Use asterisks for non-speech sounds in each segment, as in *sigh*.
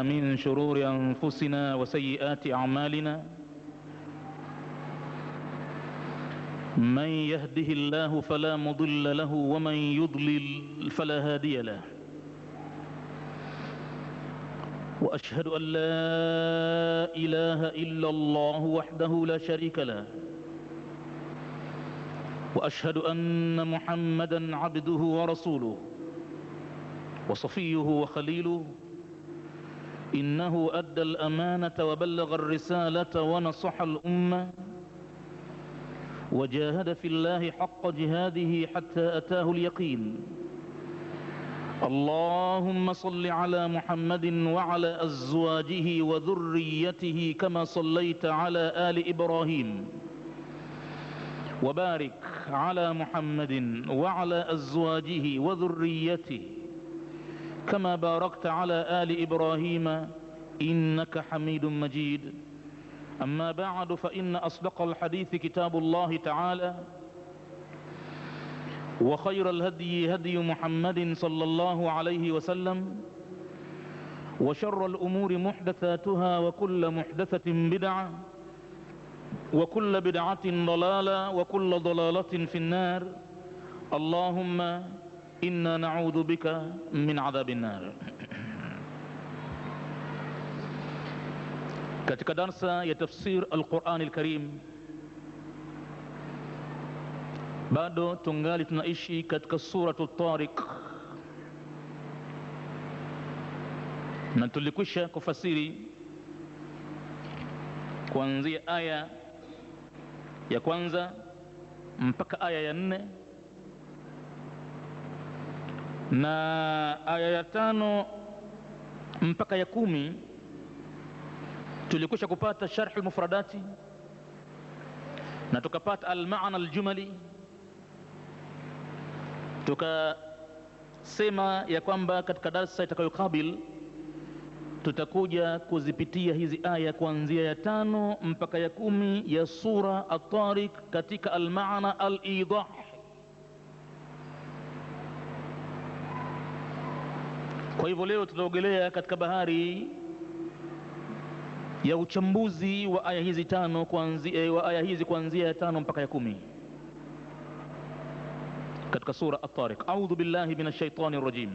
من شرور أنفسنا وسيئات أعمالنا من يهده الله فلا مضل له ومن يضلل فلا هادي له وأشهد أن لا إله إلا الله وحده لا شريك له وأشهد أن محمدا عبده ورسوله وصفيه وخليله إنه أدى الأمانة وبلغ الرسالة ونصح الأمة وجاهد في الله حق جهاده حتى أتاه اليقين اللهم صل على محمد وعلى أزواجه وذريته كما صليت على آل إبراهيم وبارك على محمد وعلى أزواجه وذريته كما باركت على آل إبراهيم إنك حميد مجيد أما بعد فإن أصدق الحديث كتاب الله تعالى وخير الهدي هدي محمد صلى الله عليه وسلم وشر الأمور محدثاتها وكل محدثة بدعة وكل بدعة ضلالة وكل ضلالة في النار اللهم إنا نعوذ بك من عذاب النار Katika darsa ya tafsir Al-Qur'an Al-Karim bado tungali tunaishi katika suratu Tariq na tulikwisha kufasiri kuanzia aya ya kwanza mpaka aya ya nne na aya ya tano mpaka ya kumi tulikwisha kupata sharh lmufradati na tukapata almana aljumali tukasema ya kwamba katika darsa itakayokabil tutakuja kuzipitia hizi aya kuanzia ya tano mpaka ya kumi ya sura atariq katika almana alidah Kwa hivyo leo tutaogelea katika bahari ya uchambuzi wa aya hizi tano kuanzi, eh, wa aya hizi kuanzia ya tano mpaka ya kumi katika sura At-Tariq. A'udhu billahi minash shaitani rajim.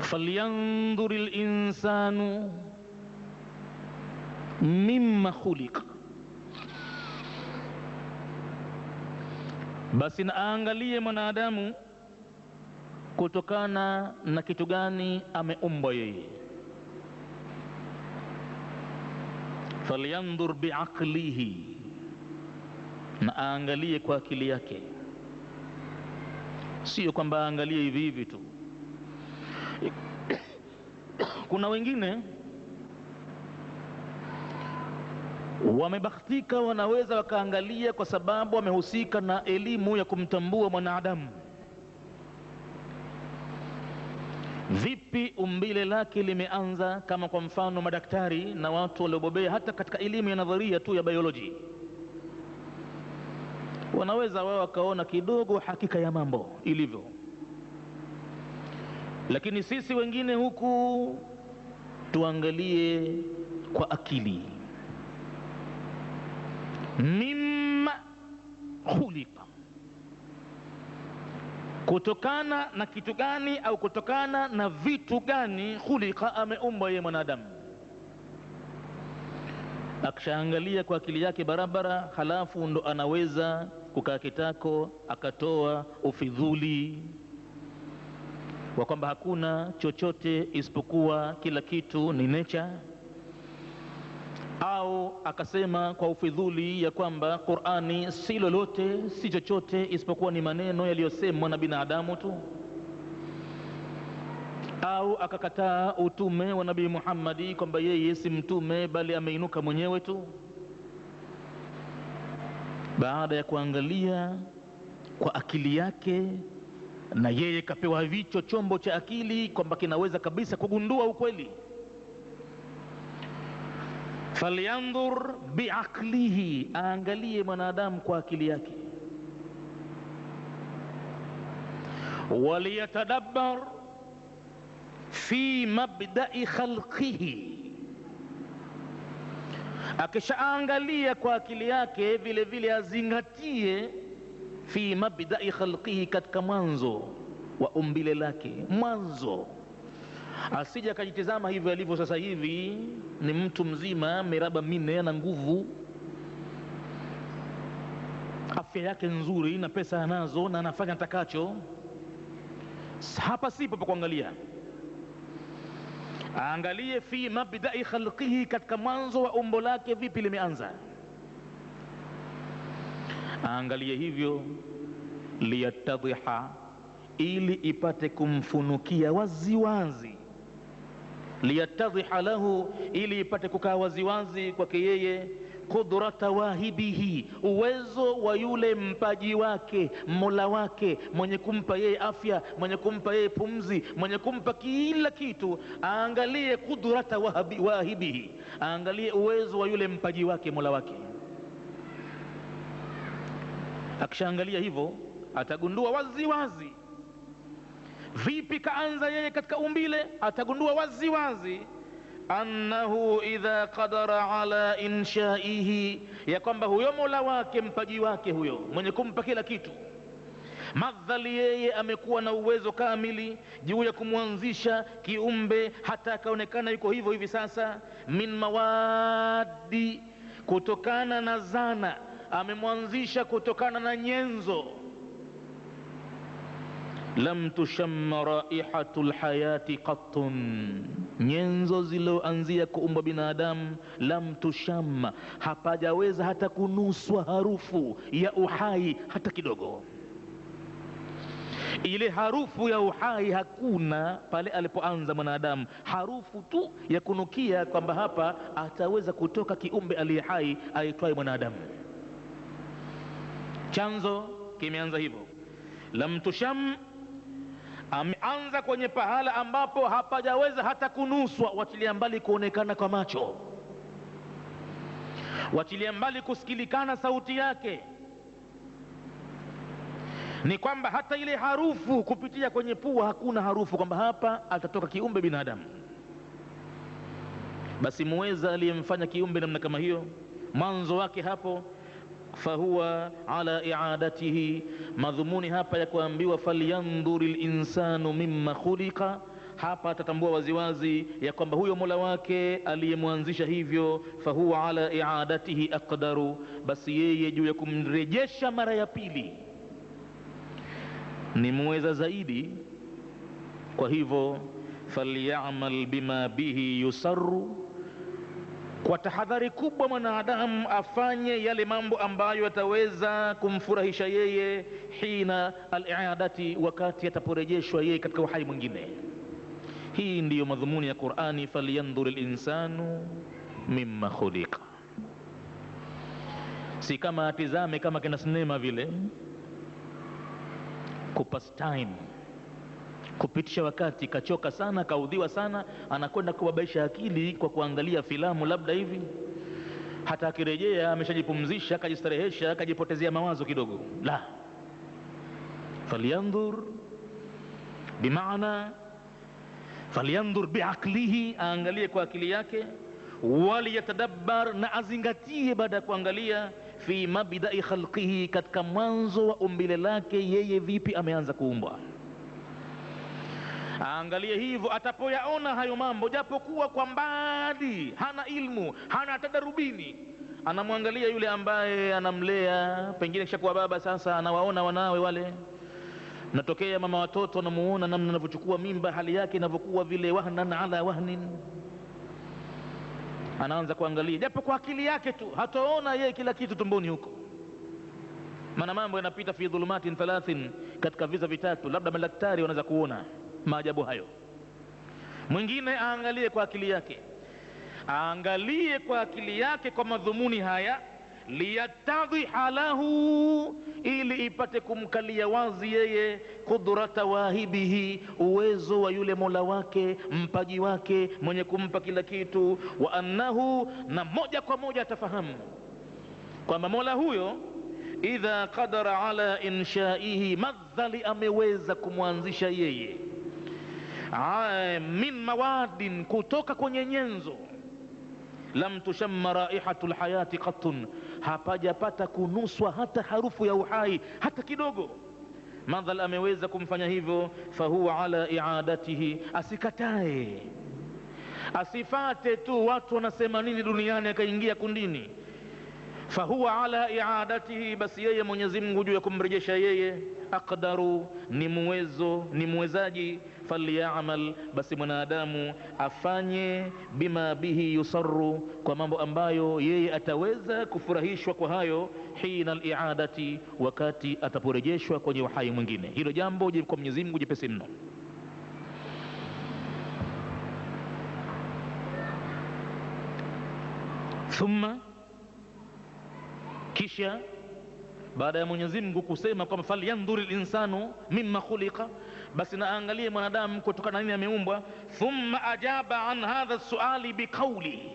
فلينظر الإنسان مما خلق basi na aangalie mwanadamu kutokana na kitu gani ameumbwa yeye falyandhur biaqlihi na aangalie kwa akili yake sio kwamba aangalie hivi hivi tu *coughs* kuna wengine wamebakhtika wanaweza wakaangalia kwa sababu wamehusika na elimu ya kumtambua mwanadamu Vipi umbile lake limeanza, kama kwa mfano madaktari na watu waliobobea hata katika elimu ya nadharia tu ya biology wanaweza wao wakaona kidogo hakika ya mambo ilivyo, lakini sisi wengine huku tuangalie kwa akili mimma khuliq kutokana na kitu gani au kutokana na vitu gani khuliqa ameumbwa yeye mwanadamu akishaangalia kwa akili yake barabara halafu ndo anaweza kukaa kitako akatoa ufidhuli wa kwamba hakuna chochote isipokuwa kila kitu ni nature au akasema kwa ufidhuli ya kwamba Qur'ani si lolote si chochote isipokuwa ni maneno yaliyosemwa na binadamu tu, au akakataa utume wa Nabii Muhammadi kwamba yeye si mtume bali ameinuka mwenyewe tu. Baada ya kuangalia kwa akili yake, na yeye kapewa hicho chombo cha akili kwamba kinaweza kabisa kugundua ukweli falyandhur biaqlihi, aangalie mwanadamu kwa akili yake, waliyatadabbar fi mabda'i khalqihi, akishaangalia kwa akili yake vile vile azingatie fi mabda'i khalqihi, katika mwanzo wa umbile lake mwanzo asija akajitizama hivyo alivyo sasa hivi, ni mtu mzima, miraba minne, ana nguvu, afya yake nzuri, na pesa anazo, na anafanya atakacho. Hapa sipo pa kuangalia, aangalie fi mabdai khalqihi, katika mwanzo wa umbo lake, vipi limeanza. Aangalie hivyo liyatadhiha, ili ipate kumfunukia waziwazi wazi liyatadhiha lahu, ili ipate kukaa waziwazi kwake yeye qudrata wahibihi, uwezo wa yule mpaji wake, mola wake, mwenye kumpa yeye afya, mwenye kumpa yeye pumzi, mwenye kumpa kila kitu. Aangalie qudrata wahibihi, aangalie uwezo wa yule mpaji wake, mola wake. Akishaangalia hivyo atagundua waziwazi wazi vipi kaanza yeye katika umbile atagundua wazi wazi annahu idha qadara ala inshaihi ya kwamba huyo mola wake mpaji wake huyo mwenye kumpa kila kitu madhali yeye amekuwa na uwezo kamili juu ya kumwanzisha kiumbe hata akaonekana yuko hivyo hivi sasa min mawadi kutokana na zana amemwanzisha kutokana na nyenzo lam tushamma raihatul hayati qattun, nyenzo zilioanzia kuumba binadamu, lam tushamma, hapajaweza hata kunuswa harufu ya uhai hata kidogo. Ile harufu ya uhai hakuna pale alipoanza mwanadamu, harufu tu ya kunukia kwamba hapa ataweza kutoka kiumbe aliye hai aitwaye mwanadamu. Chanzo kimeanza hivyo, lam tusham ameanza kwenye pahala ambapo hapajaweza hata kunuswa, wachilia mbali kuonekana kwa macho, wachilia mbali kusikilikana sauti yake, ni kwamba hata ile harufu kupitia kwenye pua hakuna harufu, kwamba hapa atatoka kiumbe binadamu. Basi muweza aliyemfanya kiumbe namna kama hiyo, mwanzo wake hapo fahuwa ala i'adatihi, madhumuni hapa ya kuambiwa falyandhuri linsanu mimma khuliqa hapa atatambua waziwazi ya kwamba huyo mola wake aliyemwanzisha hivyo fahuwa ala i'adatihi aqdaru basi yeye juu ya kumrejesha mara ya pili ni muweza zaidi kwa hivyo falyamal bima bihi yusaru kwa tahadhari kubwa mwanadamu afanye yale mambo ambayo yataweza kumfurahisha yeye hina aliadati, wakati ataporejeshwa yeye katika uhai mwingine. Hii ndiyo madhumuni ya Qur'ani, falyandhur linsanu mimma khuliqa, si kama atizame kama kina sinema vile kupas time kupitisha wakati, kachoka sana, kaudhiwa sana, anakwenda kubabaisha akili kwa kuangalia filamu labda hivi. Hata akirejea ameshajipumzisha, akajistarehesha, akajipotezea mawazo kidogo. La, falyandhur bimaana falyandhur biaqlihi, aangalie kwa akili yake, waliyatadabbar, na azingatie baada ya kuangalia fi mabdai khalqihi, katika mwanzo wa umbile lake, yeye vipi ameanza kuumbwa aangalie hivyo atapoyaona hayo mambo, japokuwa kwa mbali, hana ilmu, hana tadarubini, anamwangalia yule ambaye anamlea, pengine kishakuwa baba sasa, anawaona wanawe wale natokea mama watoto anamuona namna anavyochukua mimba, hali yake inavyokuwa vile, wahnan ala wahnin, anaanza kuangalia japo kwa akili yake tu, hataona yeye kila kitu tumboni huko, maana mambo yanapita fi dhulumatin thalathin, katika visa vitatu, labda madaktari wanaweza kuona maajabu hayo. Mwingine aangalie kwa akili yake, aangalie kwa akili yake kwa madhumuni haya, liyattadhi halahu, ili ipate kumkalia wazi yeye qudrata wahibihi, uwezo wa yule mola wake mpaji wake mwenye kumpa kila kitu, wa annahu, na moja kwa moja atafahamu kwamba mola huyo idha qadara ala inshaihi, madhali ameweza kumwanzisha yeye min mawadin, kutoka kwenye nyenzo. Lam tushamma raihatu lhayati qatun, hapajapata kunuswa hata harufu ya uhai hata kidogo. Madhal ameweza kumfanya hivyo, fahuwa ala iadatihi, asikatae asifate tu watu wanasema nini duniani, akaingia kundini fahuwa ala iadatihi, basi yeye Mwenyezi Mungu juu ya kumrejesha yeye, aqdaru ni muwezo ni muwezaji, falyamal, basi mwanadamu afanye bima bihi yusaru, kwa mambo ambayo yeye ataweza kufurahishwa kwa hayo, hina liadati wakati ataporejeshwa kwenye uhai mwingine. Hilo jambo kwa Mwenyezi Mungu jepesi mno. thumma kisha baada ya Mwenyezi Mungu kusema kwamba falyandhuri linsanu mimma khuliqa, basi naangalie mwanadamu kutokana nini ameumbwa. Thumma ajaba an hadha suali biqauli,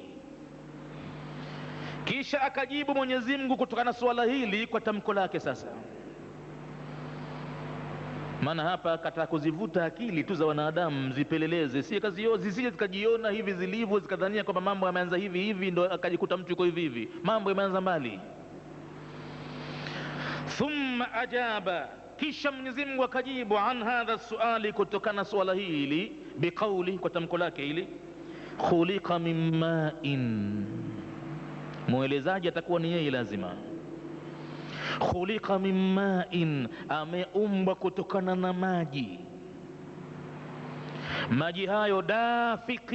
kisha akajibu Mwenyezi Mungu kutokana na suala hili kwa tamko lake. Sasa maana hapa kataa kuzivuta akili tu za wanadamu zipeleleze, si kazi zisije zikajiona hivi zilivyo, zikadhania kwamba mambo yameanza hivi hivi, ndo akajikuta mtu yuko hivi hivi, mambo yameanza mbali ثم أجاب كيش من زم وكجيب عن هذا السؤال كتكنا سؤاله إلي بقوله كتم كلاك إلي خلق من ماء مؤلزاج تكون يهي لازما خلق من ماء أمي أمب كتكنا نماجي ماجي هايو دافق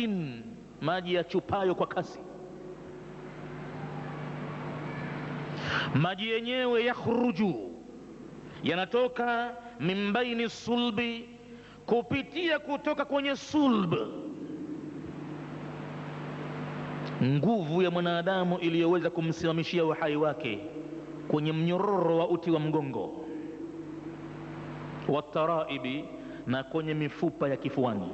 ماجي يتشبايو كاسي maji yenyewe yakhruju yanatoka mimbaini sulbi kupitia kutoka kwenye sulb nguvu ya mwanadamu iliyoweza kumsimamishia uhai wake kwenye mnyororo wa uti wa mgongo wataraibi na kwenye mifupa ya kifuani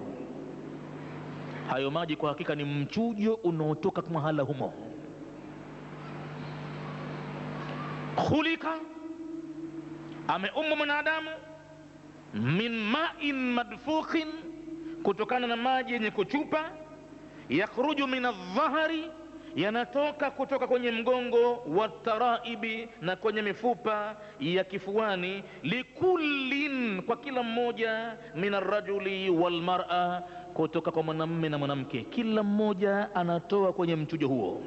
hayo maji kwa hakika ni mchujo unaotoka mahala humo khulika, ameumbwa mwanadamu min ma'in madfuqin, kutokana na maji yenye kuchupa, yakhruju min adh-dhahri yanatoka kutoka kwenye mgongo wa taraibi na kwenye mifupa ya kifuani, likullin, kwa kila mmoja, min arrajuli walmar'a, kutoka kwa mwanamme na mwanamke, kila mmoja anatoa kwenye mchujo huo.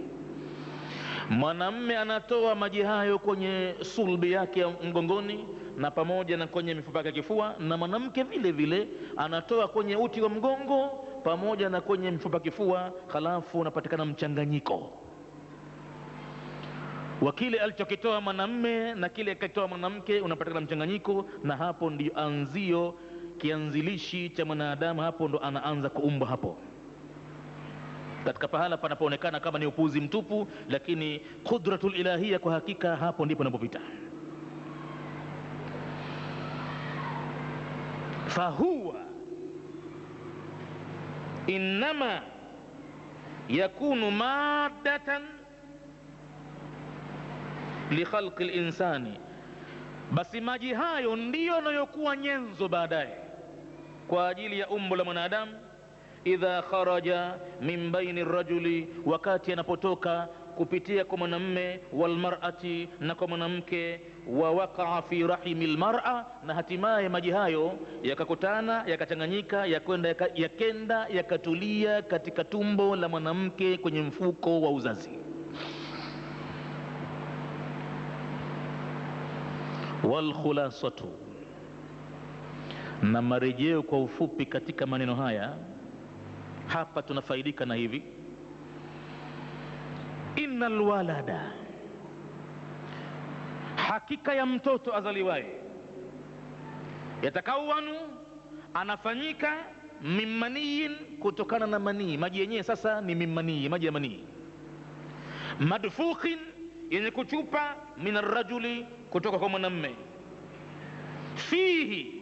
Mwanamme anatoa maji hayo kwenye sulbi yake ya mgongoni na pamoja na kwenye mifupa yake kifua, na mwanamke vile vile anatoa kwenye uti wa mgongo pamoja na kwenye mifupa kifua, halafu unapatikana mchanganyiko wa kile alichokitoa mwanamme na kile akitoa mwanamke, unapatikana mchanganyiko, na hapo ndio anzio, kianzilishi cha mwanadamu, hapo ndo anaanza kuumbwa hapo katika pahala panapoonekana kama ni upuzi mtupu, lakini qudratul ilahia, kwa hakika hapo ndipo inapopita. fahuwa innama yakunu maddatan likhalqi linsani, basi maji hayo ndiyo yanayokuwa nyenzo baadaye kwa ajili ya umbo la mwanadamu idha kharaja min baini rajuli, wakati anapotoka kupitia kwa mwanamme walmar'ati, na kwa mwanamke wa waqa'a fi rahimi lmar'a, na hatimaye maji hayo yakakutana yakachanganyika yakwenda yakenda yakatulia katika tumbo la mwanamke kwenye mfuko wa uzazi. Walkhulasatu, na marejeo kwa ufupi katika maneno haya hapa tunafaidika na hivi innal walada hakika ya mtoto azaliwaye yatakawanu anafanyika mimaniin kutokana na manii maji yenyewe sasa ni mimanii maji ya manii madfukin yenye kuchupa min arrajuli kutoka kwa mwanamme fihi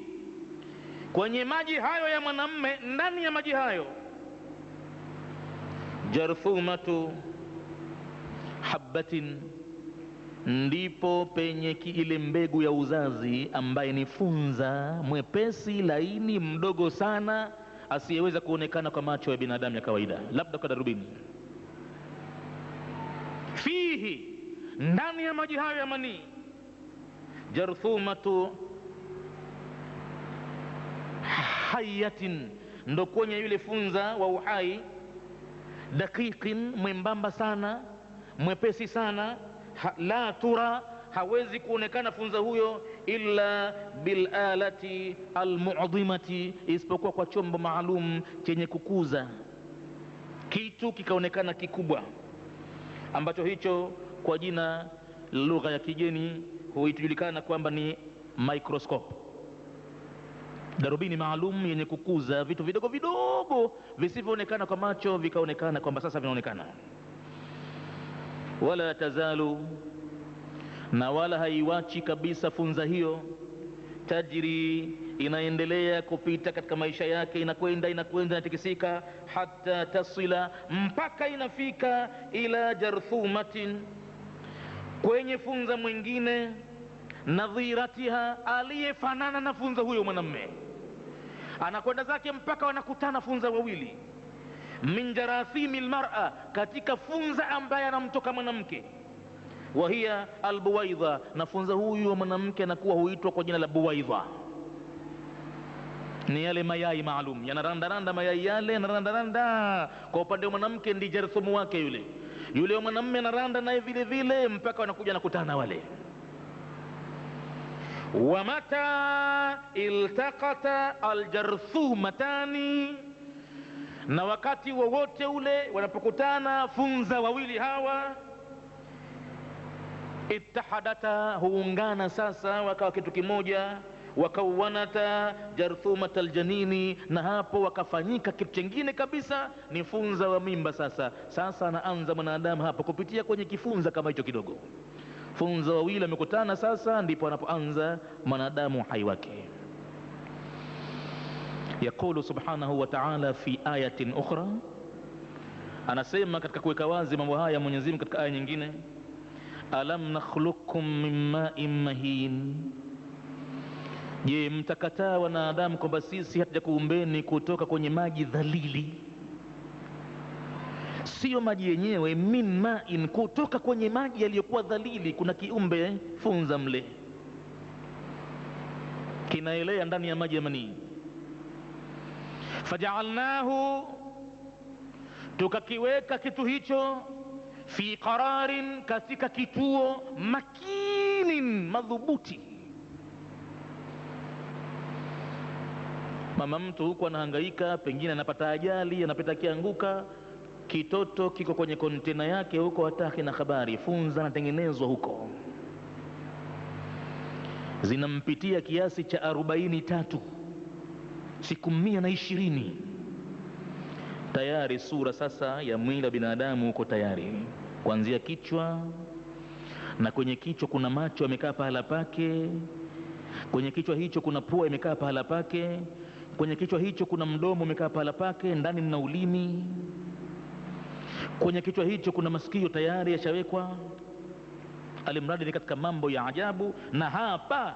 kwenye maji hayo ya mwanamme ndani ya maji hayo jarthumatu habatin ndipo penye ile mbegu ya uzazi ambaye ni funza mwepesi laini mdogo sana asiyeweza kuonekana kwa macho ya binadamu ya kawaida, labda kwa darubini. Fihi, ndani ya maji hayo ya manii, jarthumatu hayatin, ndo kwenye yule funza wa uhai dakikin mwembamba sana, mwepesi sana ha, la tura, hawezi kuonekana funza huyo illa bilalati almu'dhimati, isipokuwa kwa chombo maalum chenye kukuza kitu kikaonekana kikubwa, ambacho hicho kwa jina lugha ya kigeni huitujulikana kwamba ni microscope darubini maalum yenye kukuza vitu vidogo vidogo visivyoonekana kwa macho vikaonekana kwamba sasa vinaonekana. Wala tazalu, na wala haiwachi kabisa funza hiyo tajiri inaendelea kupita katika maisha yake, inakwenda inakwenda, inatikisika, hata tasila, mpaka inafika ila jarthumatin, kwenye funza mwingine, nadhiratiha, aliyefanana na funza huyo mwanamme anakwenda zake mpaka wanakutana funza wawili min jarathimi lmara, katika funza ambaye anamtoka mwanamke wa hiya albuwaidha, na funza huyu wa mwanamke anakuwa huitwa kwa jina la buwaidha. Ni yale mayai maalum yanarandaranda, mayai yale yanarandaranda. Kwa upande wa mwanamke ndi jarthumu wake yule yule, wa mwanamme anaranda naye vile vile, mpaka wanakuja nakutana wale wamata iltaqata aljarthumatani, na wakati wowote wa ule wanapokutana funza wawili hawa, ittahadata, huungana sasa wakawa kitu kimoja, wakawanata jarthumata aljanini, na hapo wakafanyika kitu chengine kabisa, ni funza wa mimba. Sasa sasa anaanza mwanadamu hapo kupitia kwenye kifunza kama hicho kidogo funza wawili wamekutana sasa ndipo anapoanza mwanadamu hai wake yaqulu subhanahu wa ta'ala fi ayatin ukhra anasema katika kuweka wazi mambo haya Mwenyezi Mungu katika aya nyingine alam nakhluqukum min ma'in mahin je mtakataa wanadamu kwamba sisi hatujakuumbeni kutoka kwenye maji dhalili sio maji yenyewe, min main, kutoka kwenye maji yaliyokuwa dhalili, kuna kiumbe funza mle kinaelea ndani ya maji ya manii. Fajaalnahu, tukakiweka kitu hicho fi qararin, katika kituo makinin, madhubuti. Mama mtu huku anahangaika, pengine anapata ajali, anapita akianguka Kitoto kiko kwenye kontena yake huko, hataki na habari. Funza anatengenezwa huko, zinampitia kiasi cha arobaini tatu siku mia na ishirini tayari sura sasa ya mwili wa binadamu huko tayari, kuanzia kichwa. Na kwenye kichwa kuna macho amekaa pahala pake, kwenye kichwa hicho kuna pua imekaa pahala pake, kwenye kichwa hicho kuna mdomo umekaa pahala pake, ndani mna ulimi Kwenye kichwa hicho kuna masikio tayari yashawekwa, alimradi ni katika mambo ya ajabu. Na hapa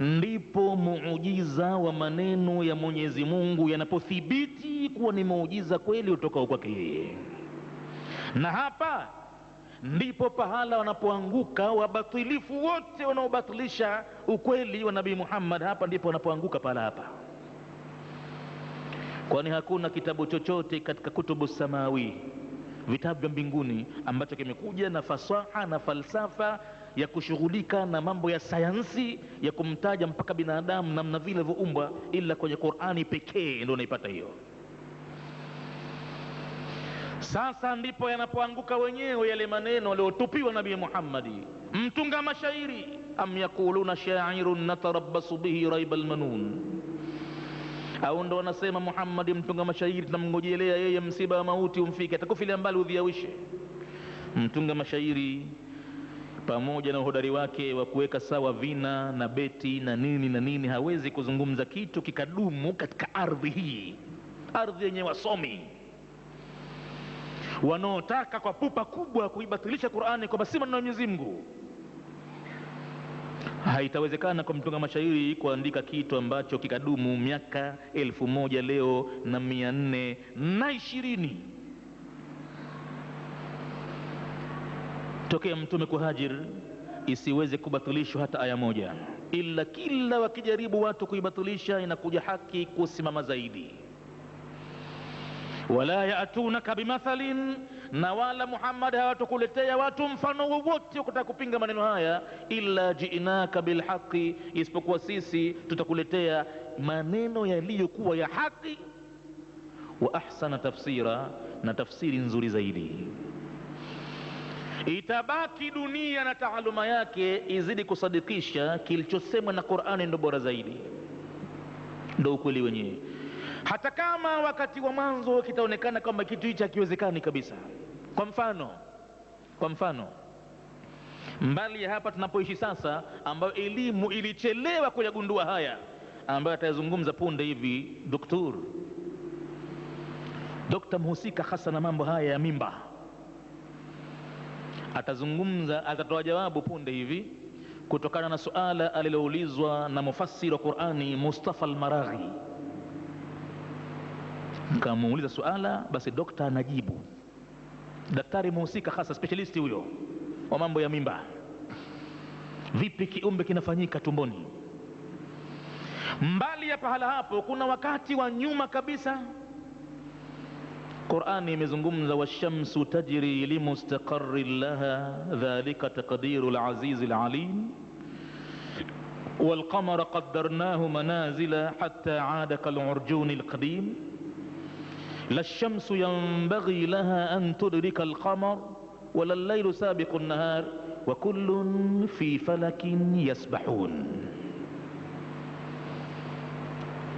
ndipo muujiza wa maneno ya Mwenyezi Mungu yanapothibiti kuwa ni muujiza kweli utoka kwake yeye, na hapa ndipo pahala wanapoanguka wabatilifu wote wanaobatilisha ukweli wa Nabii Muhammad. Hapa ndipo wanapoanguka pahala hapa kwani hakuna kitabu chochote katika kutubu samawi vitabu vya mbinguni ambacho kimekuja na fasaha na falsafa ya kushughulika na mambo ya sayansi ya kumtaja mpaka binadamu namna vile alivyoumbwa ila kwenye qurani pekee ndio unaipata hiyo sasa ndipo yanapoanguka wenyewe yale maneno yaliyotupiwa nabii muhammadi mtunga mashairi am yaquluna shairun natarabasu bihi raiba lmanun au ndo wanasema Muhammad mtunga mashairi tunamngojelea yeye msiba wa mauti umfike, atakufilia mbali udhiawishe. Mtunga mashairi pamoja na uhodari wake wa kuweka sawa vina na beti na nini na nini, hawezi kuzungumza kitu kikadumu katika ardhi hii, ardhi yenye wasomi wanaotaka kwa pupa kubwa kuibatilisha Qur'ani kwa basima na Mwenyezi Mungu. *laughs* Haitawezekana kwa mtunga mashairi kuandika kitu ambacho kikadumu miaka elfu moja leo na mia nne na ishirini tokea Mtume kuhajir, isiweze kubatilishwa hata aya moja, ila kila wakijaribu watu kuibatilisha inakuja haki kusimama zaidi. wala yaatunaka bimathalin na wala Muhammad hawatakuletea watu mfano wowote kutaka kupinga maneno haya, illa jiinaka bilhaqi, isipokuwa sisi tutakuletea maneno yaliyokuwa ya haki, wa ahsana tafsira, na tafsiri nzuri zaidi. Itabaki dunia na taaluma yake izidi kusadikisha kilichosemwa na Qur'ani, ndo bora zaidi, ndo ukweli wenyewe hata kama wakati wa mwanzo kitaonekana kwamba kitu hichi hakiwezekani kabisa. Kwa mfano, kwa mfano mbali ya hapa tunapoishi sasa, ambayo elimu ilichelewa kuyagundua haya ambayo atayazungumza punde hivi doktor dokta mhusika hasa na mambo haya ya mimba atazungumza, atatoa jawabu punde hivi kutokana na suala aliloulizwa na mufassiri wa Qur'ani Mustafa almaraghi nikamuuliza suala basi dokta anajibu daktari muhusika hasa specialist huyo wa mambo ya mimba vipi kiumbe kinafanyika tumboni mbali ya pahala hapo kuna wakati wa nyuma kabisa qurani imezungumza washamsu tajri limustaqarin laha dhalika taqdiru lazizi lalim والقمر قدرناه منازل حتى عاد كالعرجون القديم لا الشمس ينبغي لها أن تدرك القمر ولا الليل سابق النهار وكل في فلك يسبحون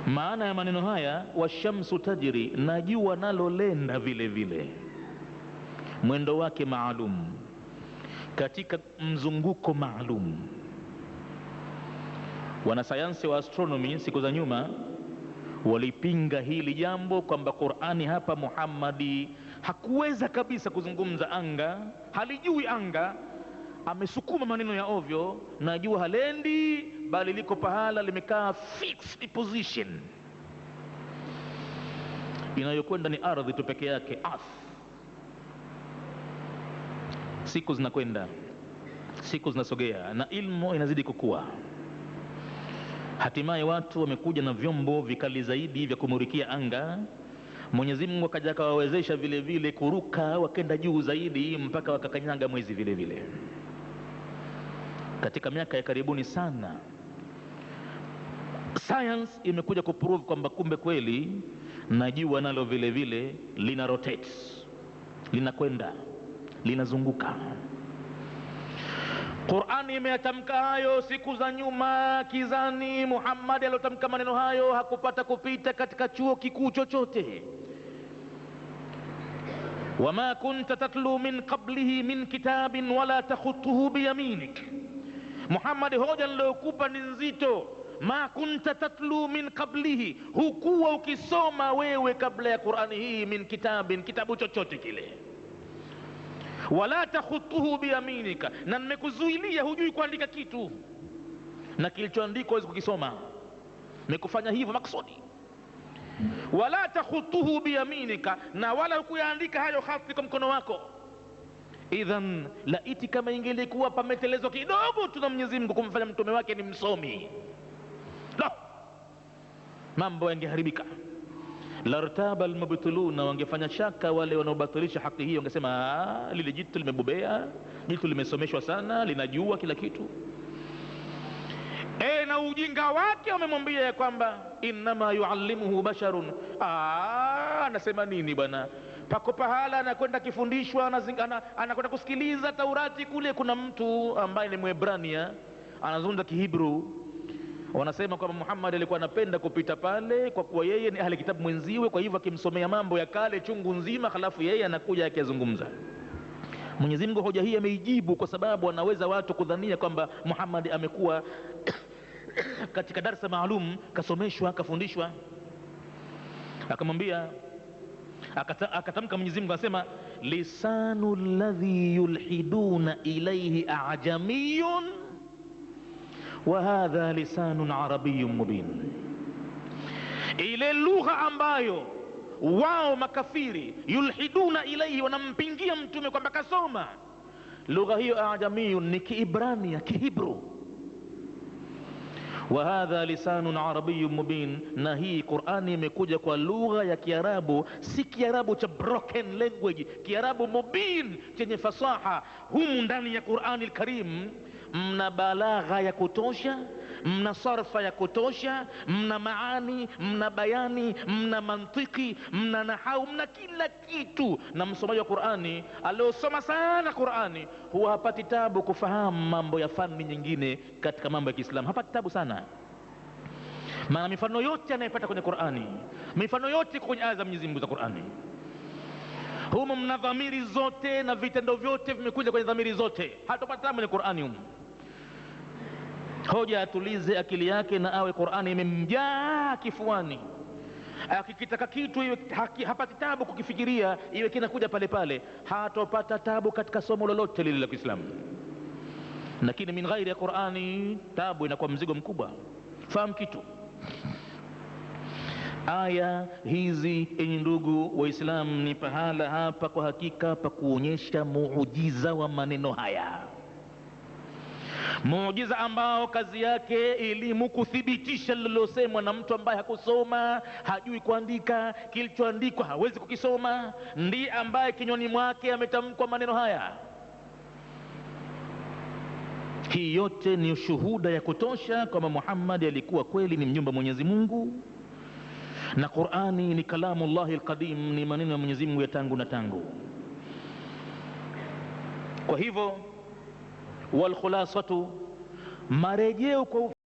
معنى من نهاية والشمس تجري نجوى نلولين فيلي فيلي مندواك معلوم كتك مزنقوك معلوم wanasayansi wa astronomi siku za nyuma walipinga hili jambo kwamba Qur'ani hapa Muhammadi hakuweza kabisa kuzungumza anga, halijui anga, amesukuma maneno ya ovyo na jua halendi, bali liko pahala limekaa fixed position inayokwenda ni ardhi tu peke yake earth. Siku zinakwenda, siku zinasogea na ilmu inazidi kukua. Hatimaye watu wamekuja na vyombo vikali zaidi vya kumurikia anga. Mwenyezi Mungu akaja akawawezesha vile vile kuruka wakenda juu zaidi mpaka wakakanyaga mwezi vile vile. Katika miaka ya karibuni sana, science imekuja kuprove kwamba kumbe kweli na jua nalo vile vile lina rotate, linakwenda, linazunguka. Qur'ani imeyatamka hayo siku za nyuma kizani. Muhammadi aliyotamka maneno hayo hakupata kupita katika chuo kikuu chochote. wama kunta tatlu min qablihi min kitabin wala takhutuhu biyaminik, Muhammadi, hoja niliyokupa ni nzito. ma kunta tatlu min qablihi, hukuwa ukisoma wewe kabla ya Qur'ani hii, min kitabin, kitabu chochote kile wala takhutuhu biyaminika, na nimekuzuilia hujui kuandika kitu, na kilichoandikwa huwezi kukisoma. Nimekufanya hivyo maksudi wala takhutuhu biyaminika, na wala hukuyaandika hayo hati kwa mkono wako. Idhan laiti kama ingelikuwa pametelezwa kidogo tu na Mwenyezi Mungu kumfanya mtume wake ni msomi, mambo yangeharibika lartaba lmubtuluna wangefanya shaka wale wanaobatilisha haki hiyo, wangesema ah, lile jitu limebobea, jitu limesomeshwa sana, linajua kila kitu. E, na ujinga wake wamemwambia ya kwamba innama yuallimuhu basharun. Ah, anasema nini bwana? Pako pahala anakwenda kifundishwa, anakwenda kusikiliza Taurati, kule kuna mtu ambaye ni Mwebrania anazungumza Kihibru wanasema kwamba Muhammad alikuwa anapenda kupita pale kwa kuwa yeye ni ahli kitabu mwenziwe, kwa hivyo akimsomea mambo ya kale chungu nzima, halafu yeye anakuja akizungumza Mwenyezi Mungu hoja hii ameijibu, kwa sababu anaweza watu kudhania kwamba Muhammad amekuwa *coughs* katika darsa maalum, kasomeshwa, kafundishwa. Akamwambia, akatamka Mwenyezi Mungu anasema, lisanu ladhi yulhiduna ilaihi ajamiyun wahadha lisanun arabiyun mubin, ile lugha ambayo wao makafiri yulhiduna ilaihi, wanampingia mtume kwamba kasoma lugha hiyo. Ajamiyun ni Kiibrania, Kihibru. wa hadha lisanun arabiyun mubin, na hii Qur'ani imekuja kwa lugha ya Kiarabu, si Kiarabu cha broken language, Kiarabu mubin chenye fasaha humu ndani ya Qur'ani al mna balagha ya kutosha mna sarfa ya kutosha, mna maani, mna bayani, mna mantiki, mna nahau, mna kila kitu. Na msomaji wa Qurani aliosoma sana Qurani huwa hapati tabu kufahamu mambo ya fani nyingine katika mambo ya Kiislamu, hapati tabu sana maana mifano yote anayepata kwenye Qurani, mifano yote kwenye aya za Mwenyezi Mungu za Qurani. Humu mna dhamiri zote na vitendo vyote vimekuja kwenye dhamiri zote, hatopata tabu kwenye Qurani humu hoja atulize akili yake na awe Qur'ani imemjaa kifuani akikitaka kitu iwe hapati tabu kukifikiria, iwe kinakuja pale pale, hatopata tabu katika somo lolote lile la Kiislamu. Lakini min ghairi ya Qur'ani, tabu inakuwa mzigo mkubwa. Fahamu kitu, aya hizi, enyi ndugu Waislamu, ni pahala hapa kwa hakika pa kuonyesha muujiza wa maneno haya muujiza ambao kazi yake elimu kuthibitisha lililosemwa na mtu ambaye hakusoma, hajui kuandika, kilichoandikwa hawezi kukisoma, ndiye ambaye kinywani mwake ametamkwa maneno haya. Hii yote ni shuhuda ya kutosha kwamba muhammadi alikuwa kweli ni mnyumba Mwenyezi Mungu, na Qur'ani ni kalamullahi lqadim ni maneno ya Mwenyezi Mungu ya tangu na tangu. Kwa hivyo Walkhulasatu, marejeo kwa